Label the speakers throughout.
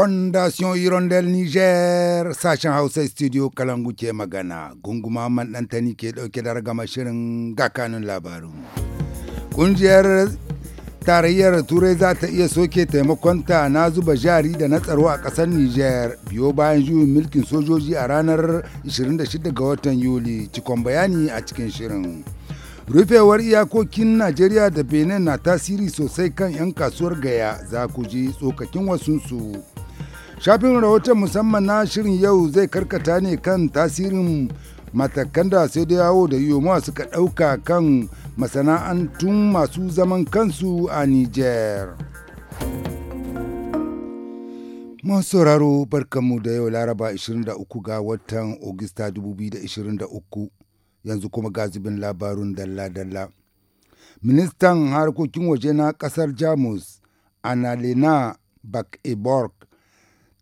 Speaker 1: fondation hirondel niger sashen hausa studio kalangu ke magana gunguma man ɗantani ke dauke da ragama shirin gakanin labarin ƙungiyar tarayyar turai za ta iya soke taimakonta na zuba jari da na tsaro a kasar niger biyo bayan juyin mulkin sojoji a ranar 26 ga watan yuli cikon bayani a cikin shirin rufewar iyakokin najeriya da benin na tasiri sosai kan 'yan kasuwar gaya za ku ji tsokakin wasunsu Shafin rahoton musamman na shirin yau zai karkata ne kan tasirin matakan da sai da yawo da yomuwa suka ɗauka kan masana'antun masu zaman kansu a Niger. Masu sauraro barkanmu da yau Laraba 23 ga watan Ogista 2023 yanzu kuma ga labarun dalla-dalla. Ministan harkokin waje na kasar Jamus, Annalena Bak-Eborg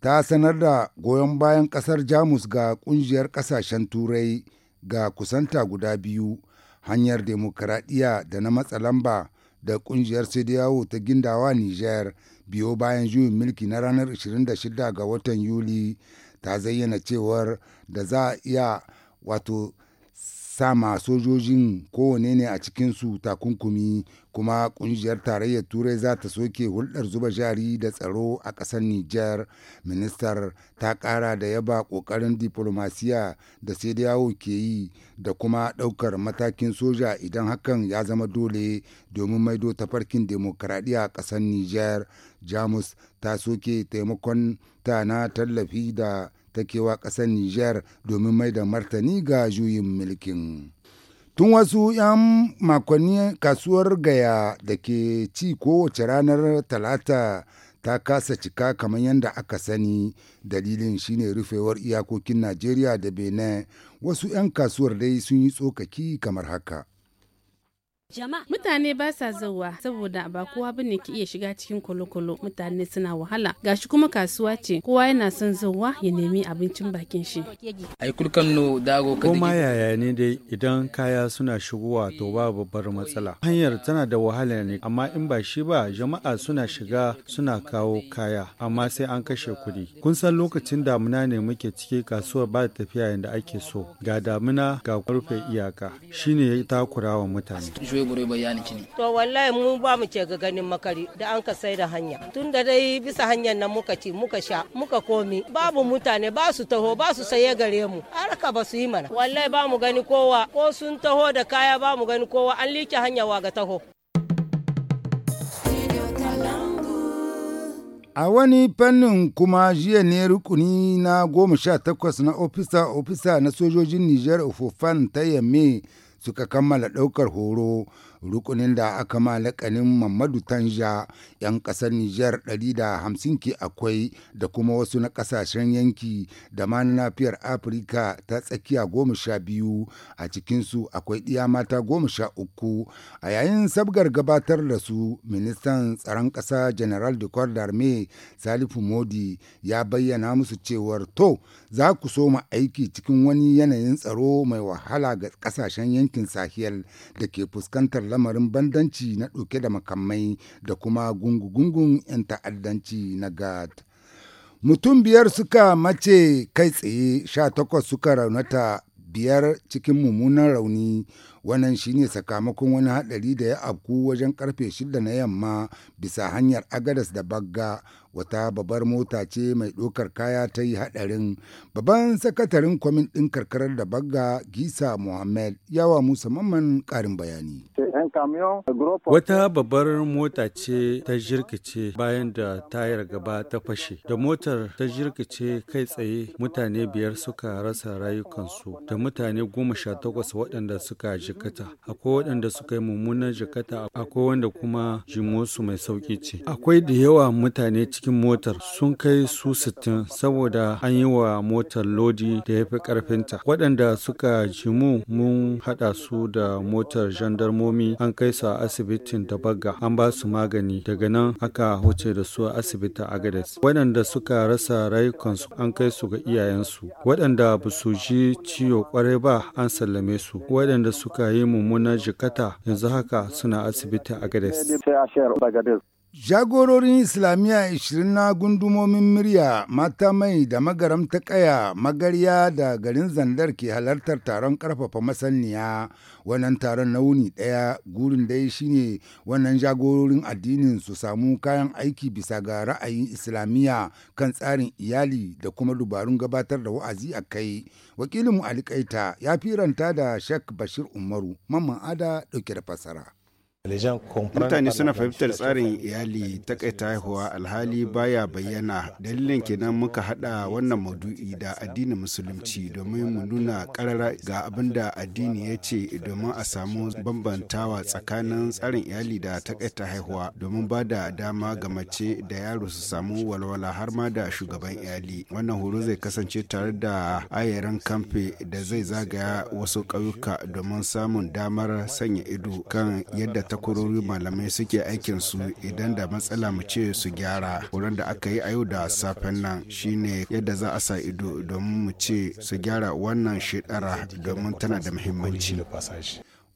Speaker 1: ta sanar da goyon bayan kasar Jamus ga ƙungiyar kasashen Turai ga kusanta guda biyu hanyar demokaradiyya da na matsa lamba da ƙungiyar Sediyawo ta gindawa Nijar biyo bayan juyin mulki na ranar 26 ga watan Yuli ta zayyana cewar da za a iya wato sama sojojin kowane ne a cikinsu takunkumi kuma kungiyar tarayyar turai za ta soke hulɗar zuba jari da tsaro a ƙasar nijar ministar ta ƙara da yaba ƙoƙarin diplomasiya da sai da yawo ke yi da kuma ɗaukar matakin soja idan hakan ya zama dole domin maido tafarkin demokaradiyya a ƙasar nijar jamus ta soke taimakon ta na tallafi da ta kewa ƙasar Nijar domin mai da martani ga juyin mulkin. Tun wasu 'yan makonni kasuwar gaya da ke ci kowace ranar talata ta kasa cika kamar yadda aka sani dalilin shine rufewar iyakokin Najeriya da Benin wasu 'yan kasuwar dai sun yi tsokaki kamar haka.
Speaker 2: jama'a Mutane ba sa zauwa saboda ba kowa bane ke iya shiga cikin kolokolo mutane suna wahala gashi kuma kasuwa ce kowa yana son zauwa ya nemi abincin bakin shi.
Speaker 3: kuma yaya ne dai idan kaya suna shigowa to ba babbar matsala. Hanyar tana da wahala ne amma in ba shi ba jama'a suna shiga suna kawo kaya amma sai an kashe kuɗi. Kun san lokacin damuna ne muke ciki kasuwar ba tafiya yadda ake so ga damuna ga rufe iyaka shine ya takura wa mutane. bure
Speaker 1: bure bai yani kini to wallahi mu ba mu ce ga ganin makari da an ka sai da hanya tun da dai bisa hanyar nan muka ci muka sha muka komi babu mutane ba su taho ba su saye gare mu harka ba su yi mana wallahi ba mu gani kowa ko sun taho da kaya ba mu gani kowa an like hanya wa ga taho A wani fannin kuma jiya ne rukuni na goma sha takwas na ofisa ofisa na sojojin Nijar Ofofan ta yamme suka kammala ɗaukar horo rukunin da aka ma laƙanin mamadu tanja 'yan ƙasar niger 150 ke akwai da kuma wasu na ƙasashen yanki da ma na nafiyar afirka ta tsakiya goma sha biyu a cikinsu akwai ɗiya mata goma sha uku a yayin sabgar gabatar da su ministan tsaron ƙasa general de darmee salifu modi ya bayyana musu cewar to za ku so mu aiki cikin wani yanayin tsaro mai wahala ga ƙasashen yanki yankin sahel da ke fuskantar lamarin bandanci na ɗauke da makamai da kuma gungu-gungun 'yan ta'addanci na gad mutum biyar suka mace kai tsaye sha takwas suka raunata biyar cikin mummunan rauni wannan shine sakamakon wani haɗari da ya afku wajen karfe shida na yamma bisa hanyar agadas da bagga wata babbar mota ce mai ɗaukar kaya ta yi haɗarin babban sakatarin kwamin ɗin karkarar da bagga gisa mohammed yawa musa mamman ƙarin bayani
Speaker 3: wata babbar mota ce ta jirkice bayan da tayar gaba ta fashe da motar ta jirkice kai tsaye mutane biyar suka rasa rayukansu da mutane goma sha takwas waɗanda suka jika jakata akwai waɗanda suka yi mummunar jakata akwai wanda kuma jimosu mai sauki ce akwai da yawa mutane cikin motar sun kai su sittin saboda an yi wa motar lodi da ya fi ƙarfinta waɗanda suka jimu mun haɗa su da motar jandarmomi an kai su a asibitin da baga an ba su magani daga nan aka wuce da su a asibitin agades waɗanda suka rasa rayukansu an kai su ga iyayensu waɗanda ba su ji ciwo kwarai ba an sallame su waɗanda suka suka yi mummunan jikata yanzu haka suna asibiti a
Speaker 1: Gades. Jagororin Islamiyya 20 na gundumomin murya mata mai da magaram ta kaya magarya da garin zandar ke halartar taron karfafa masaniya wannan taron na wuni ɗaya gurin dai shine wannan jagororin addinin su samu kayan aiki bisa ga ra'ayin Islamiyya kan tsarin iyali da kuma dubarun gabatar da wa'azi a kai. Wakilin mu ya firanta da Sheikh Bashir Umaru, Mamman Ada ɗauke da fasara. mutane suna fahimtar tsarin
Speaker 2: iyali takaita haihuwa alhali baya bayyana dalilin kenan muka hada wannan maudu'i da addinin musulunci domin mu nuna karara ga abin da addini ya ce domin a samu bambantawa tsakanin tsarin iyali da takaita haihuwa domin ba da dama ga mace da yaro su samu walwala har ma da shugaban iyali wannan horo zai kasance tare da ayyaran kamfe da zai zagaya wasu ƙauyuka domin samun damar sanya ido kan yadda ta takwarorin malamai suke aikin su idan da matsala mu ce su gyara wurin da aka yi a yau da safen nan shine
Speaker 1: yadda za a sa ido domin mu ce su gyara wannan shidara domin tana da muhimmanci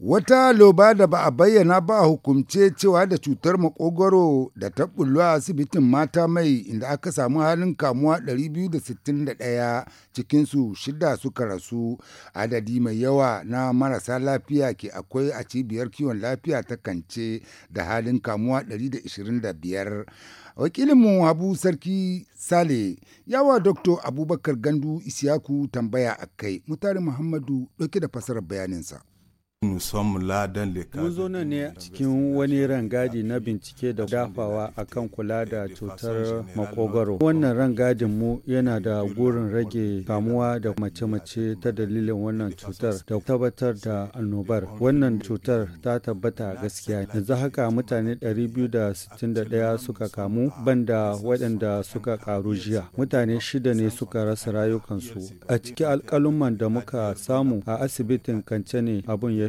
Speaker 1: Wata loba da ba a bayyana ba a hukumce cewa da cutar maƙogwaro da ta bullo a asibitin mata mai inda aka samu halin kamuwa 261 cikinsu shida suka rasu adadi mai yawa na marasa lafiya ke akwai a cibiyar kiwon lafiya ta kance da halin kamuwa 125. wakilinmu habu sarki sale yawa dr abubakar gandu isiyaku tambaya a kai mutare muhammadu ɗauke da fasarar bayaninsa
Speaker 3: Mun zo nan ne cikin wani rangadi na bincike da dafawa akan kula da cutar makogaro. Wannan rangadin mu yana da gurin rage kamuwa da mace-mace ta dalilin wannan cutar da tabbatar da annobar. Wannan cutar ta tabbata gaskiya. Yanzu haka mutane 261 suka kamu banda waɗanda suka karu jiya. Mutane shida ne suka rasa rayukansu. A cikin alƙaluman da muka samu a asibitin kance ne abin ya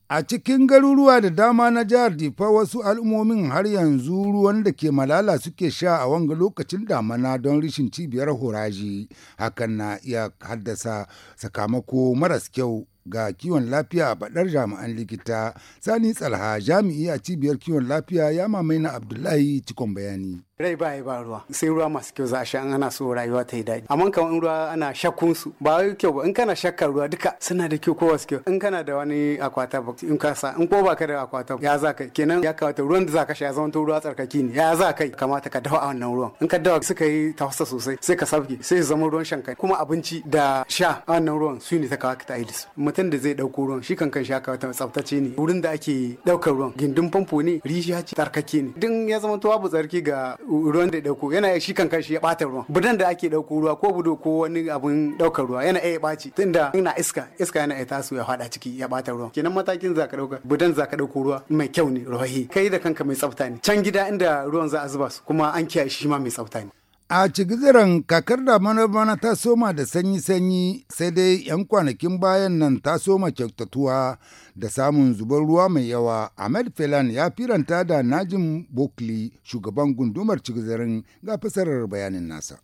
Speaker 1: A cikin garuruwa da dama na jihar Difa wasu al'ummomin har yanzu ruwan da ke malala suke sha a wanga lokacin damana don rishin cibiyar horaji hakan na iya haddasa sakamako maras kyau ga kiwon lafiya a faɗar jami'an likita sani tsalha jami'i a cibiyar kiwon lafiya ya mamaina abdullahi cikon bayani
Speaker 2: rai ba ba ruwa sai ruwa masu kyau za a sha an ana so rayuwa ta yi daɗi amma kamar in ruwa ana shakkun su ba wai kyau ba in kana shakkar ruwa duka suna da kyau ko wasu kyau in kana da wani akwata ba in ka sa in ko ba ka da akwata ya za kai? kenan ya kamata ruwan da za ka sha ya zama ruwa tsarkaki ne ya za kai kamata ka dawa a wannan ruwan in ka dawa suka yi tafasa sosai sai ka sabge sai zama ruwan shankai kuma abinci da sha a wannan ruwan su ne ta kawo ka ta da su fitan da zai ɗauko ruwan shi kankan shi haka tsaftace ne wurin da ake ɗaukar ruwan gindin famfo ne rishiya ce tarkake ne din ya zama to bu tsarki ga ruwan da ɗauko yana shi kankan shi ya ɓata ruwan budan da ake ɗauko ruwa ko budo ko wani abun ɗaukar ruwa yana iya ɓaci tunda ina iska iska yana iya tasu ya faɗa ciki ya ɓata ruwan kenan matakin za ka ɗauka budan za ka ɗauko ruwa mai kyau ne rohi kai da kanka mai tsafta ne can gida inda ruwan za a zuba su kuma an kiyaye shi ma mai tsafta ne
Speaker 1: A cigiziran kakar da bana ta soma da sanyi-sanyi sai dai 'yan kwanakin bayan nan ta soma kyautatuwa da samun zubar ruwa mai yawa. Ahmed Felan ya firanta da Najim Bokli shugaban gundumar cigizirin ga fasarar bayanin nasa.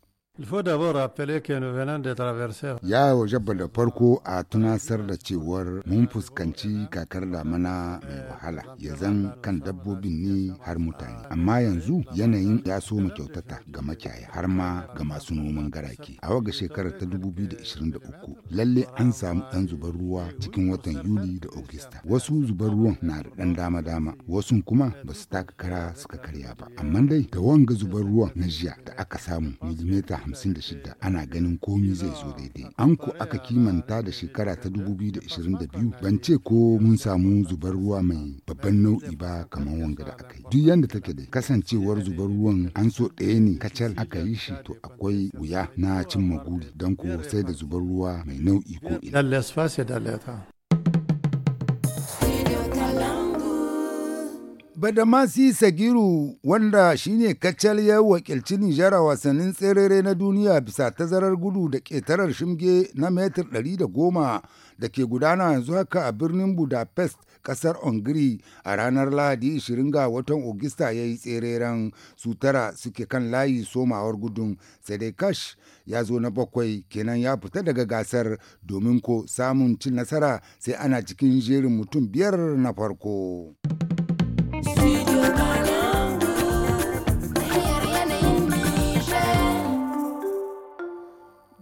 Speaker 1: Ya wajaba da farko a tunasar da cewar mun fuskanci kakar damana mai wahala ya zan kan dabbobin ne har mutane. Amma yanzu yanayin ya so mu kyautata ga makiyaye har ma ga masu noman garake. A waga shekarar ta 2023 lalle an samu ɗan zubar ruwa cikin watan Yuli da Ogista. Wasu zubar ruwan na da ɗan dama-dama, wasu kuma ba su taka kara suka karya ba. Amma dai da wanga zubar ruwan na jiya da aka samu milimita 2056 ana ganin komi zai zo daidai. An ku aka kimanta da shekara ta 2022 ban ce ko mun samu zubar ruwa mai babban nau'i ba kamar wanga da aka yi. Duk yanda take da kasancewar zubar ruwan an so ɗaya ne kacal aka yi shi to akwai wuya na cimma guri don ko sai da zubar ruwa mai nau'i ko ina. Badamasi Sagiru wanda shine kacal ya wakilci Nijar a wasannin tserere na duniya bisa tazarar gudu da ƙetarar shimge na metir 110 da ke gudana yanzu haka a birnin Budapest ƙasar Hungary a ranar Lahadi 20 ga watan Ogista ya yi tsereren su tara suke kan layi somawar gudun sai dai kash ya zo na bakwai kenan ya fita daga gasar domin ko samun cin nasara sai ana cikin jerin mutum biyar na farko.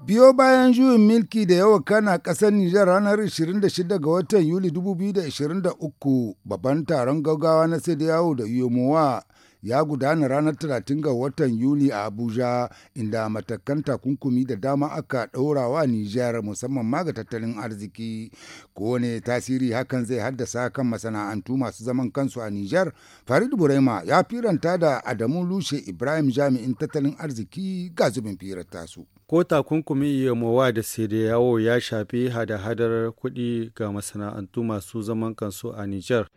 Speaker 1: biyo bayan juyin milki da yawa kana kasar Nijar ranar 26 ga watan Yuli 2023 babban taron gaggawa na yawo da Yomowa ya gudana ranar 30 ga watan Yuli a Abuja inda matakan takunkumi da dama aka wa Nijar musamman ma ga tattalin arziki. Kowane tasiri hakan zai haddasa kan masana'antu masu zaman kansu a Nijar. Farid Burema ya firanta da Adamu Lushe Ibrahim jami'in tattalin arziki ga zubin firar tasu.
Speaker 3: ko takunkumin mowa da yawo ya shafi hada-hadar kuɗi ga masana'antu masu zaman kansu a Nijar.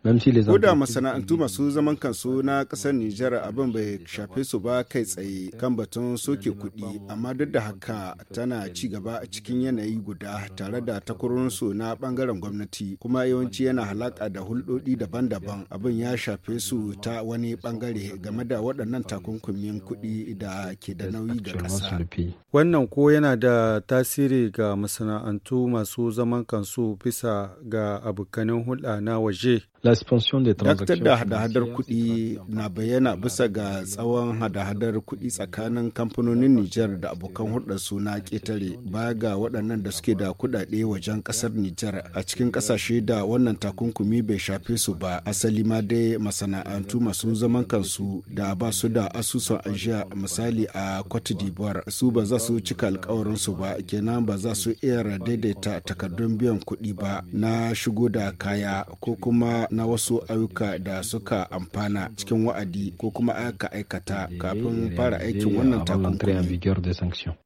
Speaker 3: Ko da masana'antu
Speaker 2: masu zaman kansu na ƙasar Nijar abin bai shafe su ba kai tsaye kan batun soke kuɗi, amma duk da haka tana ci gaba a cikin yanayi guda tare da takwarorinsu na bangaren gwamnati kuma yawanci yana halaƙa da hulɗoɗi daban-daban abin ya shafe su ta wani ɓangare game da waɗannan takunkumin kuɗi da ke da nauyi ga ƙasa.
Speaker 3: wannan ko yana da tasiri ga masana'antu masu zaman kansu bisa ga abokanin hulɗa na waje Daktar da hada-hadar
Speaker 2: kuɗi na bayyana bisa ga tsawon hada-hadar kuɗi tsakanin kamfanonin Nijar da abokan su na ƙetare ba ga waɗannan da suke da kuɗaɗe wajen ƙasar Nijar a cikin ƙasashe da wannan takunkumi bai shafe su ba asali ma dai masana'antu masu zaman kansu da ba su da asusun ajiya misali a Cote d'Ivoire su ba za su cika alkawarinsu ba kenan ba za su iya daidaita takardun biyan kuɗi ba na shigo da kaya ko kuma na wasu ayyuka da suka amfana cikin wa'adi ko kuma aka aikata kafin fara aikin wannan takunkumi.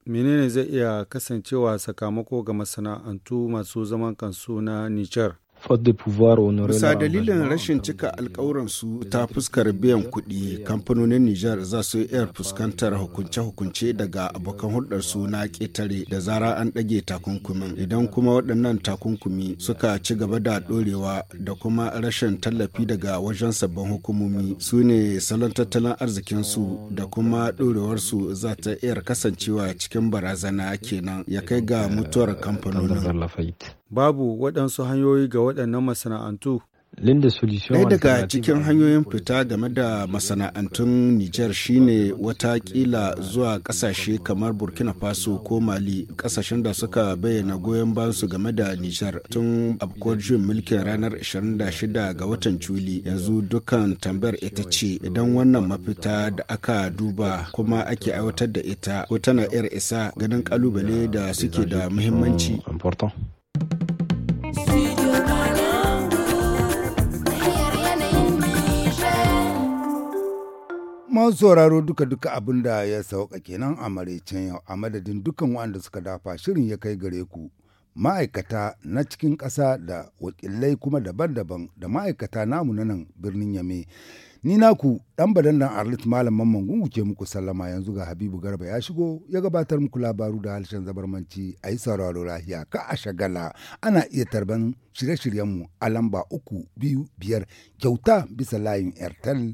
Speaker 3: Menene zai iya kasancewa sakamako ga masana'antu masu zaman kansu na Nijar? Bisa dalilin rashin cika alkawuransu
Speaker 2: ta fuskar biyan kuɗi, kamfanonin Nijar za su iya fuskantar hukunce-hukunce daga abokan hulɗarsu na ƙetare da zara an ɗage takunkumin. Idan kuma waɗannan takunkumi suka ci gaba da ɗorewa da kuma rashin tallafi daga wajen sabbin hukumomi su ne salon tattalin arzikinsu da kuma ɗorewarsu za ta iya kasancewa cikin barazana kenan ya kai ga mutuwar kamfanonin.
Speaker 3: babu waɗansu hanyoyi ga waɗannan masana'antu Ɗaya daga cikin hanyoyin
Speaker 2: fita game da masana'antun Nijar shine wata ƙila zuwa ƙasashe kamar Burkina Faso ko Mali ƙasashen da suka bayyana goyon bansu game da Nijar tun abkuwar juyin mulkin ranar 26 ga watan Juli yanzu dukkan tambayar ita ce idan wannan mafita da aka duba kuma ake aiwatar da ita ko tana 'yar isa ganin ƙalubale da suke da muhimmanci.
Speaker 1: masu sauraro duka-duka abin da ya sauka kenan a maraicen yau a madadin dukan waɗanda suka dafa shirin ya kai gare ku ma'aikata na cikin ƙasa da wakilai kuma daban-daban da ma'aikata namu na nan birnin yame ni naku ɗan badandan arlit malam mamman gungu ke muku sallama yanzu ga habibu garba ya shigo ya gabatar muku labaru da harshen zabarmanci a yi sauraro lahiya ka a shagala ana iya tarban shirye-shiryenmu a lamba uku biyu biyar kyauta bisa layin airtel